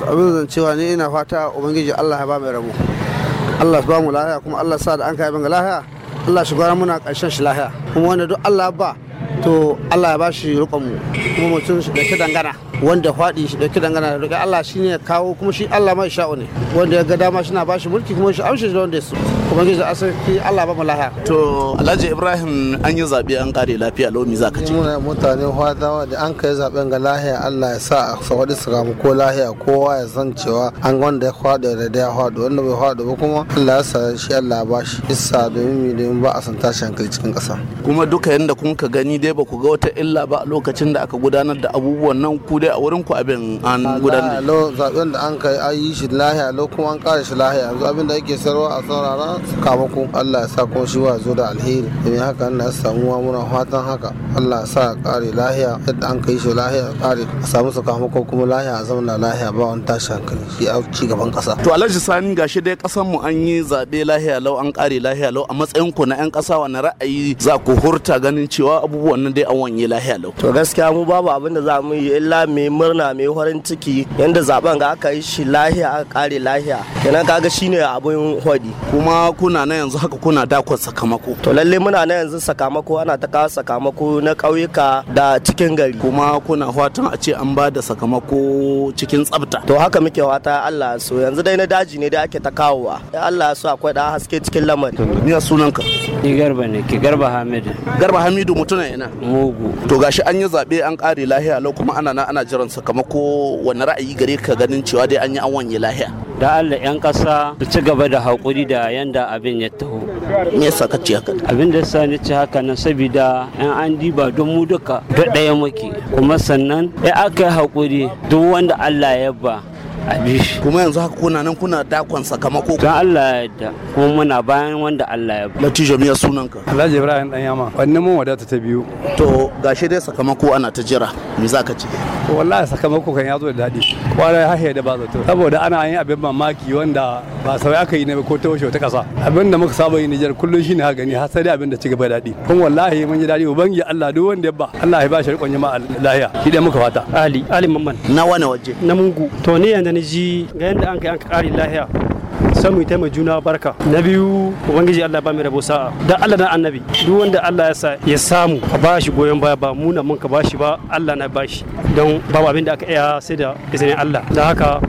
abin zan cewa ne ina fata ubangiji Allah ya ba mai rabo Allah ya ba mu lahiya kuma Allah sa da an kai banga lahiya Allah shi gwara muna karshen shi lahiya kuma wanda duk Allah ba to Allah ya ba shi rukun mu kuma mutum shi dauki dangana wanda faɗi shi dauki dangana da roƙi Allah shine ya kawo kuma shi Allah mai sha'o ne wanda ya ga dama shi na ba shi mulki kuma shi amshi da wanda ya so ubangiji asirki allah ba mu to alhaji ibrahim an yi zaɓe an kare lafiya lomi za ka ce muna mutane fata da an kai zaɓen ga lahiya allah ya sa a saurari su gamu ko lahiya kowa ya san cewa an wanda ya faɗo da ya faɗo wanda bai faɗo ba kuma allah ya sa shi allah ya bashi isa domin mi domin ba a san tashi hankali cikin ƙasa kuma duka yanda kun ka gani dai ba ku ga wata illa ba a lokacin da aka gudanar da abubuwan nan ku dai a wurin ku abin an gudanar da zaɓen da an kai an yi shi lahiya lau kuma an kare shi lahiya yanzu abin da ake sarwa a sauraron sakamako Allah ya sa kuma shi wa zo da alheri domin haka na samu muna fatan haka Allah ya sa kare lahiya yadda an kai shi lahiya kare a samu sakamako kuma lahiya a zauna lahiya ba wani tashi hankali shi a ci gaban kasa to Alhaji Sani gashi dai kasan mu an yi zabe lahiya lau an kare lahiya lau a matsayin ku na yan kasa wani ra'ayi za ku hurta ganin cewa abubuwan nan dai an wanye lahiya lau to gaskiya mu babu abin da za mu yi illa mai murna mai farin ciki yanda zaben ga aka yi shi lahiya aka kare lahiya kenan kaga shine abin hodi kuma kuna na yanzu haka kuna dakon sakamako to lalle muna na yanzu sakamako ana ta kawo sakamako na ƙauyuka da cikin gari kuma kuna fatan a ce an ba da sakamako cikin tsafta to haka muke fata Allah so yanzu dai na daji ne da ake ta kawowa Allah so akwai da haske cikin lamarin ni sunanka ni garba ne ke garba hamidu garba hamidu mutuna ina mugu to gashi an yi zabe an kare lahiya lau kuma ana na ana jiran sakamako wani ra'ayi gare ka ganin cewa dai an yi an wanye lahiya da Allah 'yan ƙasa su ci gaba da haƙuri da yanda abin ya taho. Me yasa ka ci haka? Abin da yasa ni ci haka nan sabida 'yan an diba don mu duka da ɗaya muke kuma sannan ya aka yi haƙuri duk wanda Allah ya ba kuma yanzu haka kuna nan kuna dakon sakamako don Allah ya yarda kuma muna bayan wanda Allah ya latijo miya sunanka Alhaji Ibrahim dan yama wanne mun wadata ta biyu to gashi dai sakamako ana ta jira me zaka ce wallahi sakamako kan ya zo da daɗi kwarai hahe da ba zato saboda ana yin abin mamaki wanda ba sai aka yi ne ko ta wace ta kasa abin da muka saba yi Nijar kullum shine haka gani har sai abin da ci gaba dadi kun wallahi mun ji daɗi ubangi Allah duk wanda ya ba Allah ya ba shi riƙon jama'a lahiya shi dai muka fata Ali Ali Mamman na wani waje na mungu to ne yanzu da ji ga yadda an kai an kari lahiya samu ita mai juna barka na biyu ubangiji Allah ba mai rabo sa'a da Allah na annabi duk wanda Allah ya sa ya samu ka bashi goyon baya ba mu na mun ka shi ba Allah na bashi don babu abin da aka iya sai da izinin Allah da haka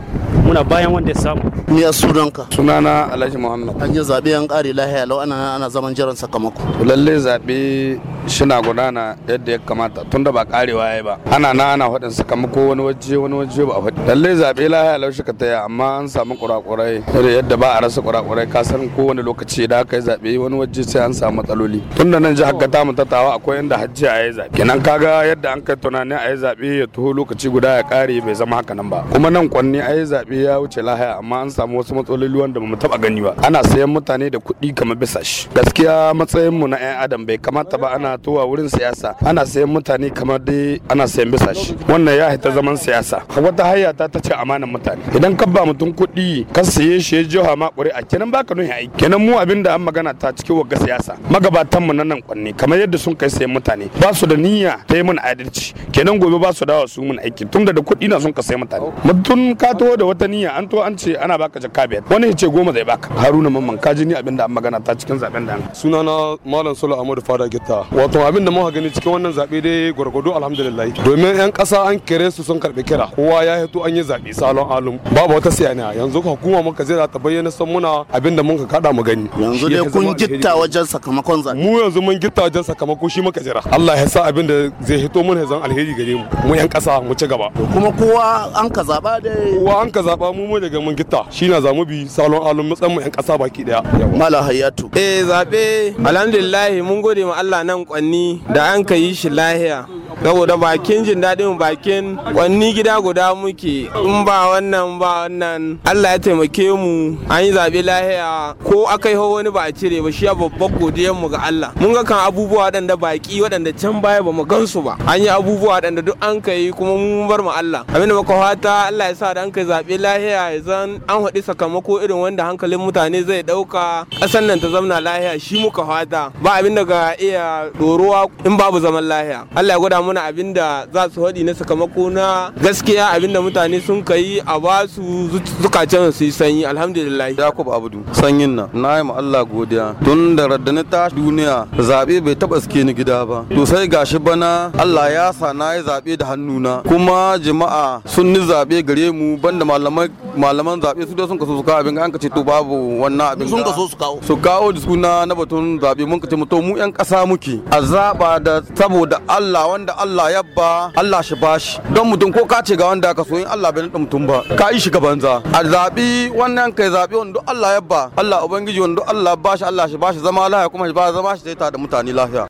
muna bayan wanda ya samu Miya sunanka? Sunana Alhaji Muhammad. An yi zaɓe an ƙare lahiya lau ana ana zaman jiran sakamako. Lalle zaɓe shina gudana yadda ya kamata tunda ba ƙarewa yayi ba. Ana na ana faɗin sakamako wani waje wani waje ba a faɗi. Lalle zaɓe lahiya lau shi ka taya amma an samu kurakurai yadda ba a rasa kurakurai ka san kowane lokaci da aka yi zaɓe wani waje sai an samu matsaloli. Tunda nan jihar Gata mu ta tawa akwai inda hajji a yi zaɓe. Kenan kaga yadda an kai tunanin a yi zaɓe ya tuho lokaci guda ya ƙare bai zama haka nan ba. Kuma nan kwanni a yi zaɓe ya wuce lahiya amma an samu samu wasu matsaloli wanda ba mu taba gani ba ana sayan mutane da kuɗi kamar bisa shi gaskiya matsayin mu na 'yan adam bai kamata ba ana towa wurin siyasa ana sayan mutane kamar dai ana sayan bisa shi wannan ya haita zaman siyasa wata hayya ta ta ce amanan mutane idan ka ba mutum kuɗi ka saye shi ya jiha ma a kenan baka nuhi aiki kenan mu abin da an magana ta cikin wagga siyasa magabatan mu na nan kwanne kamar yadda sun kai sayan mutane ba su da niyya ta yi mun adalci kenan gobe ba su dawa su mun aiki tun da kuɗi na sun ka sayan mutane mutum ka taho da wata niyya an to an ce ana baka jakka biyar wani ya ce goma zai baka haruna mamman ka ji ni abin da an magana ta cikin zaben da suna na malam solo amadu fada gitta wato abin da muka gani cikin wannan zabe dai gwargwado alhamdulillah domin yan kasa an kere su sun karbi kira kowa ya hito an yi zabe salon alum babu wata siyana yanzu hukuma muka zai ta bayyana san muna abin da muka kada mu gani yanzu dai kun gitta wajen sakamakon zabe mu yanzu mun gitta wajen sakamako shi muka jira Allah ya sa abin da zai hito mun zan alheri gare mu mu yan kasa mu ci gaba kuma kowa an ka zaba dai kowa an ka zaba mu mu daga mun gitta shine na zamu bi salon alun matsan mu yan kasa baki daya mala hayatu eh zabe alhamdulillah mun gode ma Allah nan kwanni da an ka yi shi lahiya saboda bakin jin daɗin bakin wani gida guda muke in ba wannan ba wannan Allah ya taimake mu an yi zaɓe lahiya ko aka yi wani ba a cire ba shi babbar godiyar mu ga Allah mun ga kan abubuwa waɗanda baƙi, waɗanda can baya ba mu gansu ba an yi abubuwa waɗanda duk an kai kuma mun bar mu Allah abin da muka fata Allah ya sa da an kai zaɓe lahiya zan an haɗi sakamako irin wanda hankalin mutane zai ɗauka ƙasar nan ta zamna lahiya shi muka fata ba abin da ga iya ɗorowa in babu zaman lahiya Allah ya gwada muna abin da za su haɗi na sakamako na gaskiya abin da mutane sun kai a ba su zukacen su yi sanyi alhamdulillah yakub abudu sanyin na na yi allah godiya tun da raddani ta duniya zaɓe bai taɓa suke ni gida ba to sai gashi bana allah ya sa na yi zaɓe da hannuna kuma jama'a sun ni zaɓe gare mu banda malamai malaman zaɓe su da sun kaso su kawo abin an ka ce to babu wannan abin sun kaso su kawo su kawo disku na na batun zaɓe mun ka ce to mu yan ƙasa muke a zaɓa da saboda Allah wanda Allah ya ba Allah shi bashi don mutum ko ka ce ga wanda ka so in Allah bai nada mutum ba ka yi shi ka banza a zaɓi wannan kai zaɓe wanda Allah ya ba Allah ubangiji wanda Allah bashi Allah shi bashi zama lahiya kuma shi ba zama shi zai ta da mutane lahiya